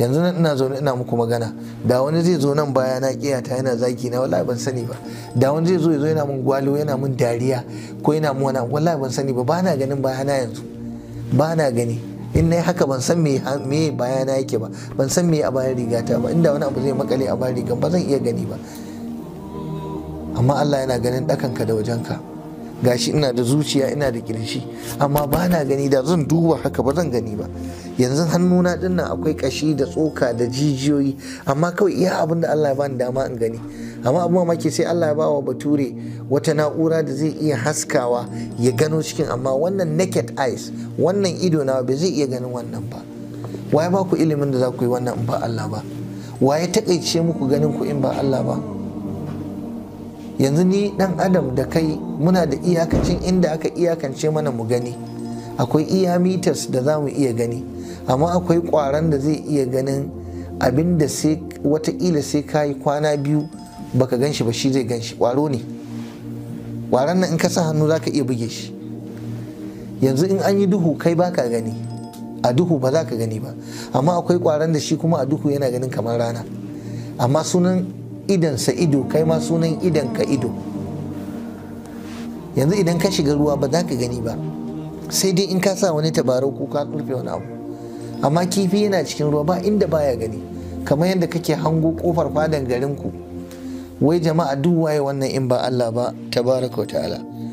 yanzu nan ina zaune ina muku magana da wani zai zo nan baya na kiyata yana zaki na wallahi ban sani ba da wani zai zo ya zo yana mun gwalo yana mun dariya ko yana mun wani wallahi ban sani ba bana ganin baya na yanzu bana gani in na haka ban san me me baya na yake ba ban san me a bayan rigata ba inda wani abu zai makale a bayan riga ba zan iya gani ba amma Allah yana ganin ka da wajen ka. gashi ina da zuciya ina da kirshi amma ba na gani da zan duba haka ba zan gani ba yanzu hannuna din nan akwai kashi da tsoka da jijiyoyi amma kawai iya abin da Allah ya bani dama in gani amma abin mamaki sai Allah ya ba wa bature wata na'ura da zai iya haskawa ya gano cikin amma wannan naked eyes wannan ido na ba zai iya ganin wannan ba waye ba ku ilimin da za ku yi wannan in ba Allah ba waye takaice muku ganin ku in ba Allah ba yanzu ni dan adam da kai muna da iyakacin inda aka iyakance mana mu gani akwai iya meters da za mu iya gani amma akwai kwaran da zai iya ganin abin da sai watakila sai ka yi kwana biyu baka gan shi ba shi zai gan shi kwaro ne kwaran nan in ka sa hannu za ka iya buge shi yanzu in an yi duhu kai ba ka gani a duhu ba za ka gani ba amma akwai kwaran da shi kuma a duhu yana ganin kamar rana amma sunan sa ido kai ma sunan idan ka ido yanzu idan ka shiga ruwa ba za ka gani ba sai dai in ka sa wani tabarau ko ka kurfe wani abu amma kifi yana cikin ruwa ba inda baya gani kamar yadda kake hango kofar fadan garinku wai jama'a duk waye wannan in ba Allah ba tabaraka ta'ala